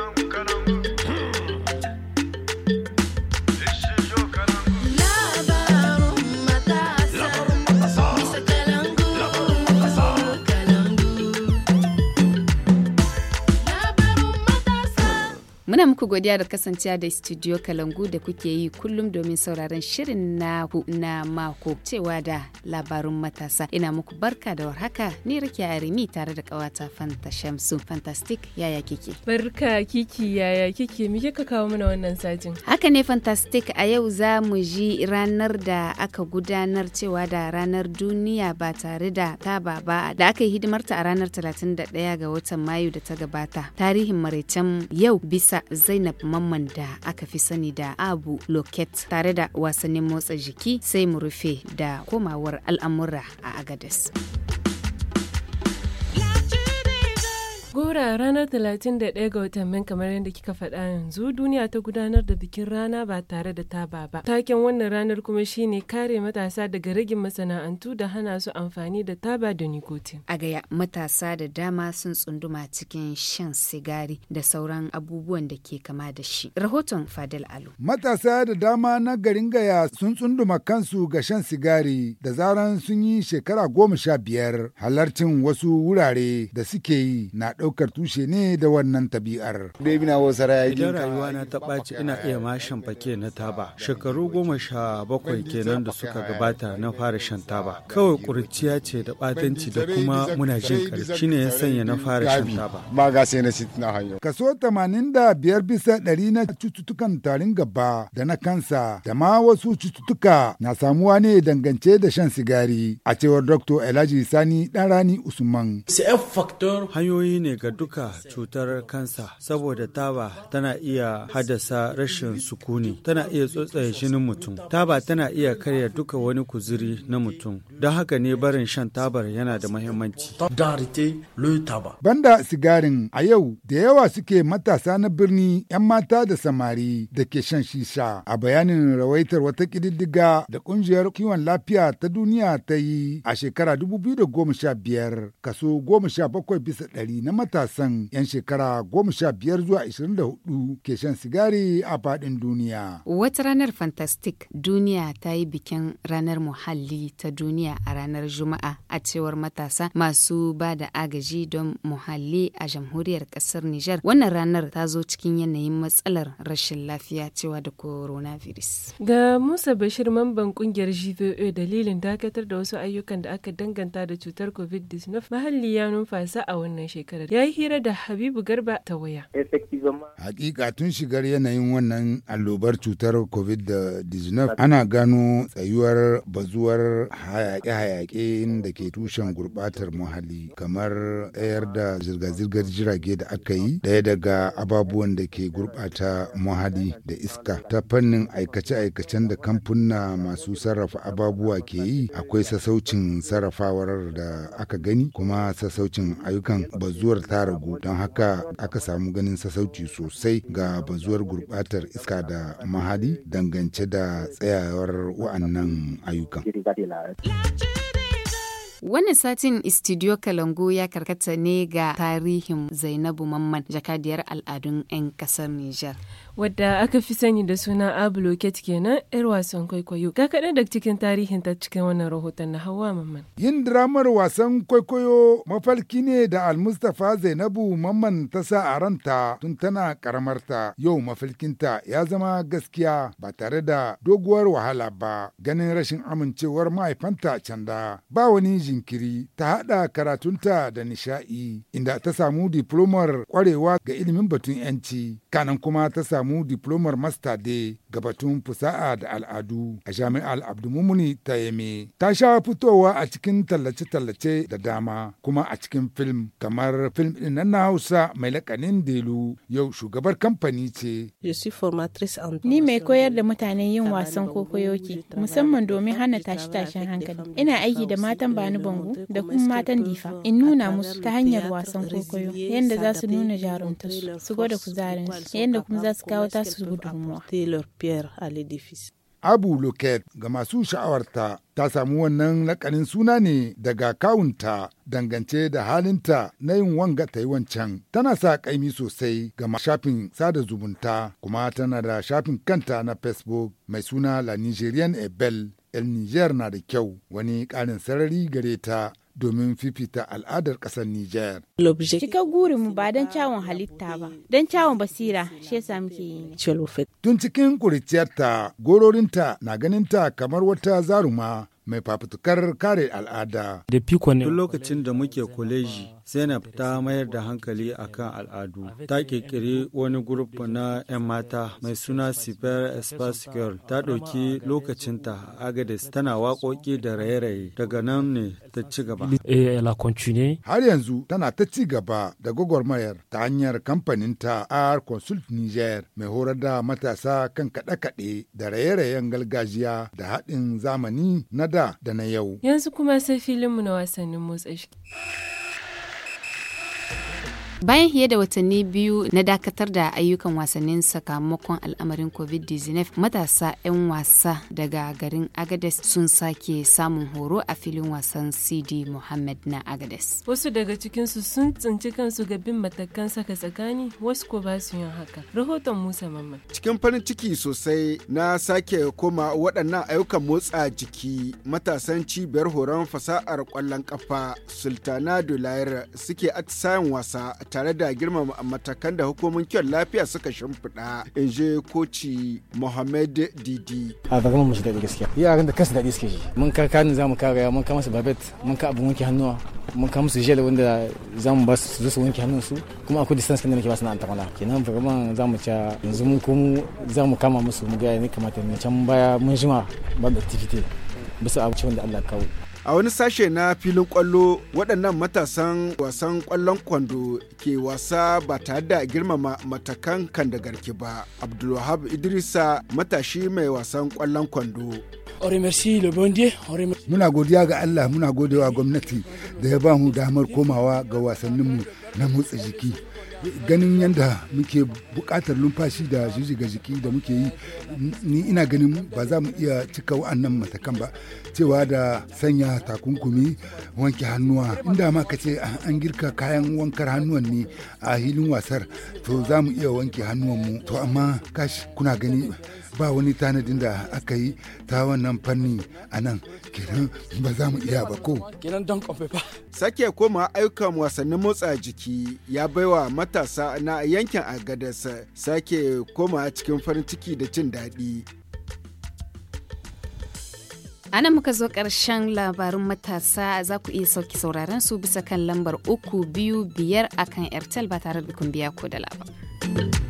I'm gonna. Muna muku godiya da kasancewa da Studio Kalangu da kuke yi kullum domin sauraron shirin na na mako cewa da labarun matasa. Ina muku barka da warhaka ni a Arimi tare da kawata Fanta Shamsu. Fantastic yaya kike? Barka kiki yaya kike? Me kika kawo mana wannan sajin? Haka ne Fantastic a yau za mu ji ranar da aka gudanar cewa da ranar duniya ba tare da taba ba da aka yi hidimarta a ranar 31 ga watan Mayu da ta gabata. Tarihin maraicen yau bisa ta Zainab Mamman da aka fi sani da Abu Loket tare da wasannin motsa jiki sai mu rufe da komawar al'amura a Agadas. kura ranar 31 ga watan min kamar yadda kika faɗa yanzu duniya ta gudanar da bikin rana ba tare da taba ba. Taken wannan ranar kuma shine kare matasa daga ragin masana'antu da hana su amfani da taba da nikotin. A gaya matasa da dama sun tsunduma cikin shan sigari da sauran abubuwan da ke kama da shi. Rahoton fadil Alu. Matasa da dama na garin gaya sun tsunduma kansu ga shan sigari da zaran sun yi shekara goma sha biyar halartin wasu wurare da suke yi na ɗauka. ɗaukar tushe ne da wannan tabi'ar. Idan rayuwa na ta ɓaci ina iya ma fake na taba. Shekaru goma sha bakwai kenan da suka gabata na fara shan taba. Kawai ƙuriciya ce da ɓatanci da kuma muna jin ƙarfi shine ya sanya na fara shan taba. Kaso tamanin da biyar bisa ɗari na cututtukan tarin gaba da na kansa da ma wasu cututtuka na samuwa ne dangance da shan sigari a cewar Dr. Elaji Sani ɗan rani Usman. Hanyoyi ne ga ga duka cutar kansa saboda taba tana iya haddasa rashin sukuni tana iya tsotsaye jinin mutum taba tana iya karya duka wani kuzuri na mutum don haka ne barin shan tabar yana da mahimmanci banda sigarin a yau da yawa suke matasa na birni 'yan mata da samari da ke shan shisha a bayanin rawaitar wata ƙididdiga da ƙungiyar kiwon lafiya ta duniya ta yi a shekara 2015 kaso 17 bisa ɗari na mata. matasan 'yan shekara goma sha biyar zuwa ishirin da hudu ke shan sigari a faɗin duniya. Wata ranar fantastik duniya ta yi bikin ranar muhalli ta duniya a ranar Juma'a a cewar matasa masu ba da agaji don muhalli a jamhuriyar ƙasar Nijar. Wannan ranar ta zo cikin yanayin matsalar rashin lafiya cewa da coronavirus. Ga Musa Bashir mamban kungiyar GVO dalilin dakatar da wasu ayyukan da aka danganta da cutar COVID-19 muhalli ya numfasa a wannan shekarar. yi hira da Habibu Garba ta waya. Hakika tun shigar yanayin wannan allobar cutar COVID-19 ana gano tsayuwar bazuwar hayaƙe-hayaƙe da ke tushen gurɓatar muhalli kamar ɗayar da zirga-zirgar jirage da aka yi ɗaya daga ababuwan da ke gurɓata muhalli da iska ta fannin aikace-aikacen da kamfuna masu sarrafa ababuwa ke yi akwai sassaucin sarrafawar da aka gani kuma sassaucin ayyukan bazuwar ta ta ragu don haka aka samu ganin sassauci sosai ga bazuwar gurbatar iska da mahali dangance da tsayawar wa'annan ayyukan. Wannan satin Istidiyo Kalangu ya karkata ne ga tarihin Zainabu Mamman jakadiyar al'adun 'yan kasar Nijar. Wadda aka fi sani da suna Abloket kenan 'yar wasan kwaikwayo. ka kaɗa daga cikin tarihin ta cikin wannan rahoton na Hawa Mamman. Yin diramar wasan kwaikwayo mafalki ne da Almustafa Zainabu Mamman ta sa a ranta tun tana karamarta. Yau mafalkinta ya zama gaskiya ba tare da doguwar wahala ba ganin rashin amincewar mahaifanta canda. Ba wani jinkiri ta haɗa karatunta da nishaɗi inda ta samu diplomar kwarewa ga ilimin batun 'yanci kanan kuma ta samu diplomar master de ga batun fusa'a da al'adu a jami'ar abdulmumuni ta yame ta sha fitowa a cikin tallace-tallace da dama kuma a cikin film kamar film ɗin na hausa mai lakanin delu yau shugabar kamfani ce ni mai koyar da mutane yin wasan kokoyoki musamman domin hana tashi-tashin hankali ina aiki da matan bani Sani da kuma matan Difa in nuna musu ta hanyar wasan kwaikwayo yadda za su nuna jaruntarsu su gwada kuzarinsu yadda kuma za su kawo tasu gudunmuwa. Abu Loket ga masu sha'awarta ta samu wannan lakanin suna ne daga kawunta dangance da halinta na yin wanga ta yi wancan. Tana sa kaimi sosai ga shafin sada zumunta kuma tana da shafin kanta na Facebook mai suna La Nigerian Ebel 'yan Nijar na da kyau wani ƙarin sarari gare ta domin fifita al'adar ƙasar Nijar. Cika gurinmu ba don kyawun halitta ba, don kyawun basira shi yasa muke yi ne. Tun cikin kuriciyarta, gororinta na ganinta kamar wata zaruma mai fafutukar kare al'ada. Tun lokacin da muke kwaleji, Zainab ta mayar da hankali a kan al'adu. Ta ƙirƙiri wani gurup na 'yan mata mai suna Super Espas Girl. Ta ɗauki lokacinta a Agadez tana waƙoƙi da raye-raye. Daga nan ne ta ci gaba. Har yanzu tana ta ci gaba da gwagwarmayar ta hanyar kamfaninta R Consult Niger mai horar da matasa kan kaɗe-kaɗe da raye-rayen gargajiya da haɗin zamani na da da na yau. Yanzu kuma sai mu na wasannin motsa shi. Bayan fiye da watanni biyu na dakatar da ayyukan wasannin sakamakon al'amarin COVID-19, matasa 'yan wasa daga garin Agades sun sake samun horo a filin wasan CD Muhammad na Agades. Wasu daga cikinsu sun tsinci kansu ga bin matakan saka tsakani, wasu ko ba su yin haka. Rahoton Musa Mamman. Cikin farin ciki sosai na sake koma waɗannan ayyukan motsa jiki matasan cibiyar horon fasa'ar kwallon ƙafa Sultana dolayar suke atisayen wasa tare da girmama matakan da hukumomin kyan lafiya suka shimfiɗa in je koci mohammed didi a zagar mu daɗi gaskiya yaran da kansu daɗi suke shi mun za mu kare mun kama su babet mun ka abin wanke hannuwa mun kama su jela wanda za mu ba su zo su wanke hannun su kuma akwai distance kan da muke ba su na antamala kenan vraiment za mu ca yanzu mun komo za mu kama musu mu ga ne kamata ne can baya mun jima ba da activity bisa abinci wanda Allah kawo a wani sashe na filin kwallo waɗannan matasan wasan kwallon kwando ke wasa ba tare da girmama matakan kan da garki ba abdulwahab idrisa matashi mai wasan kwallon kwando muna godiya ga allah muna godewa gwamnati da ya ba mu damar komawa ga wasanninmu na motsa jiki ganin yadda muke buƙatar numfashi da zuziga jiki da muke yi ni ina ganin ba za mu iya cika wa'annan matakan ba cewa da sanya takunkumi wanke hannuwa inda ma ka ce an girka kayan wankar hannuwan ne a hilin wasar to za mu iya wanke hannuwanmu to amma kashi kuna gani ba wani tanadin da aka yi ta wannan fanni a nan kenan ba za mu iya ba ko sake koma ayyukan wasannin motsa jiki ya baiwa matasa na yankin agadarsa sake koma cikin farin ciki da jin daɗi a nan muka zo ƙarshen labarin matasa za ku iya sauki sauraren su bisa kan lambar uku biyu biyar akan airtel ba tare da kun biya ko da labar.